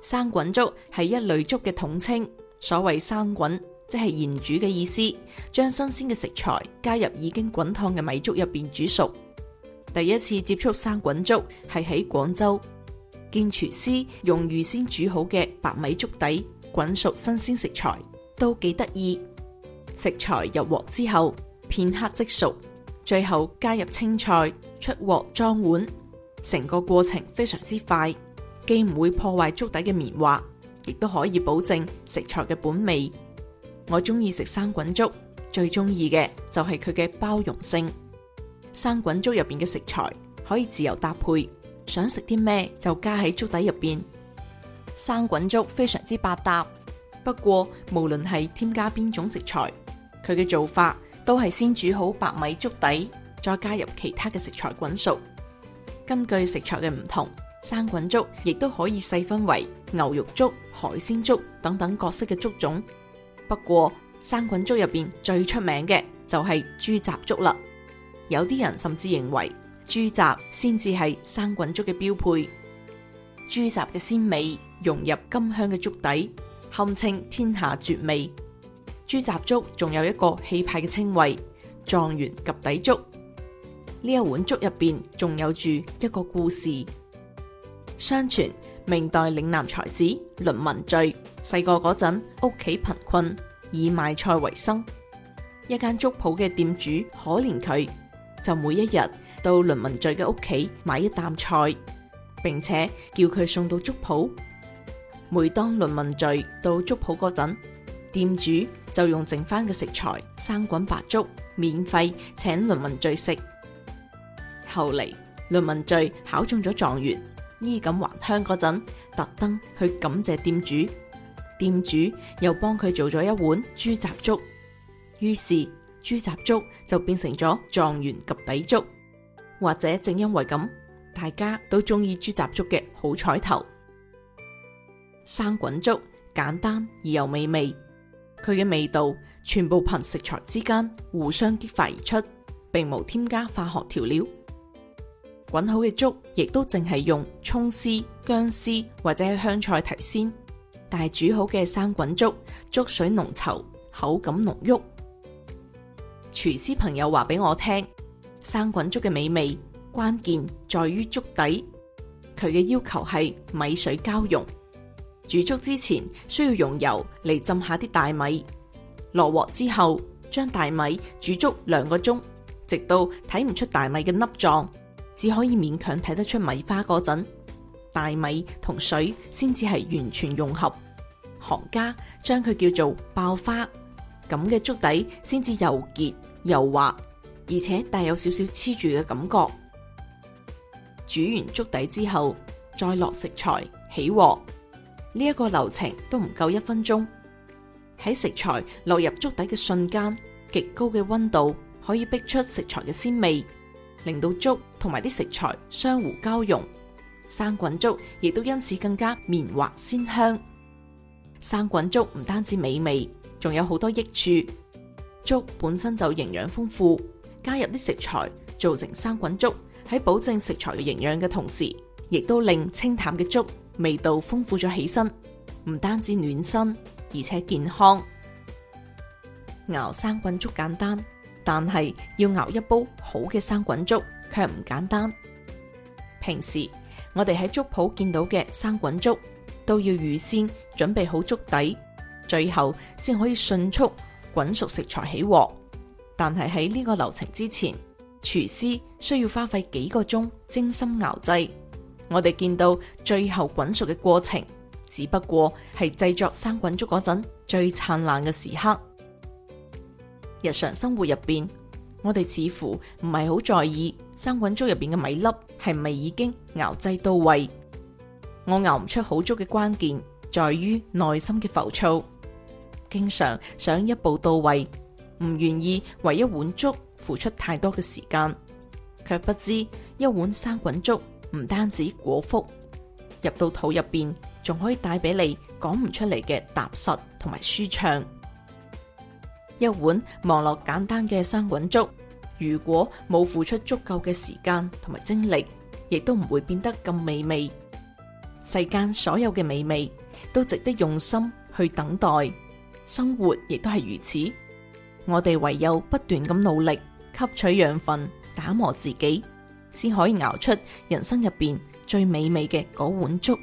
生滾粥係一類粥嘅統稱。所謂生滾，即係現煮嘅意思，將新鮮嘅食材加入已經滾燙嘅米粥入邊煮熟。第一次接觸生滾粥係喺廣州，見廚師用預先煮好嘅白米粥底滾熟新鮮食材，都幾得意。食材入鑊之後，片刻即熟，最後加入青菜，出鑊裝碗，成個過程非常之快，既唔會破壞粥底嘅綿滑，亦都可以保證食材嘅本味。我中意食生滾粥，最中意嘅就係佢嘅包容性。生滾粥入邊嘅食材可以自由搭配，想食啲咩就加喺粥底入邊。生滾粥非常之百搭，不過無論係添加邊種食材，佢嘅做法都係先煮好白米粥底，再加入其他嘅食材滾熟。根據食材嘅唔同。生滾粥亦都可以細分為牛肉粥、海鮮粥等等各式嘅粥種。不過，生滾粥入邊最出名嘅就係豬雜粥啦。有啲人甚至認為豬雜先至係生滾粥嘅標配。豬雜嘅鮮美融入甘香嘅粥底，堪稱天下絕味。豬雜粥仲有一個氣派嘅稱謂——狀元及第粥。呢一碗粥入邊仲有住一個故事。相傳明代嶺南才子倫文敘細個嗰陣屋企貧困，以賣菜為生。一間粥鋪嘅店主可憐佢，就每一日到倫文敘嘅屋企買一擔菜，並且叫佢送到粥鋪。每當倫文敘到粥鋪嗰陣，店主就用剩翻嘅食材生滾白粥，免費請倫文敘食。後嚟倫文敘考中咗狀元。衣錦還鄉嗰陣，特登去感謝店主，店主又幫佢做咗一碗豬雜粥，於是豬雜粥就變成咗狀元及第粥。或者正因為咁，大家都中意豬雜粥嘅好彩頭。生滾粥簡單而又美味，佢嘅味道全部憑食材之間互相激發而出，並無添加化學調料。滾好嘅粥，亦都淨係用蔥絲、薑絲或者香菜提鮮。但係煮好嘅生滾粥，粥水濃稠，口感濃郁。廚師朋友話俾我聽，生滾粥嘅美味關鍵在於粥底，佢嘅要求係米水交融。煮粥之前需要用油嚟浸下啲大米，落鑊之後將大米煮足兩個鐘，直到睇唔出大米嘅粒狀。只可以勉強睇得出米花嗰陣，大米同水先至係完全融合。行家將佢叫做爆花，咁嘅粥底先至又稠又滑，而且帶有少少黐住嘅感覺。煮完粥底之後，再落食材起鑊，呢一個流程都唔夠一分鐘。喺食材落入粥底嘅瞬間，極高嘅溫度可以逼出食材嘅鮮味。令到粥同埋啲食材相互交融，生滾粥亦都因此更加綿滑鮮香。生滾粥唔單止美味，仲有好多益處。粥本身就營養豐富，加入啲食材做成生滾粥，喺保證食材嘅營養嘅同時，亦都令清淡嘅粥味道豐富咗起身。唔單止暖身，而且健康。熬生滾粥簡單。但係要熬一煲好嘅生滾粥，卻唔簡單。平時我哋喺粥鋪見到嘅生滾粥，都要預先準備好粥底，最後先可以迅速滾熟食材起鍋。但係喺呢個流程之前，廚師需要花費幾個鐘精心熬製。我哋見到最後滾熟嘅過程，只不過係製作生滾粥嗰陣最燦爛嘅時刻。日常生活入邊，我哋似乎唔係好在意生滾粥入邊嘅米粒係咪已經熬製到位。我熬唔出好粥嘅關鍵，在於內心嘅浮躁，經常想一步到位，唔願意為一碗粥付出太多嘅時間，卻不知一碗生滾粥唔單止果腹，入到肚入邊仲可以帶俾你講唔出嚟嘅踏實同埋舒暢。一碗望落簡單嘅生滾粥，如果冇付出足夠嘅時間同埋精力，亦都唔會變得咁美味。世間所有嘅美味，都值得用心去等待。生活亦都係如此，我哋唯有不斷咁努力，吸取養分，打磨自己，先可以熬出人生入邊最美味嘅嗰碗粥。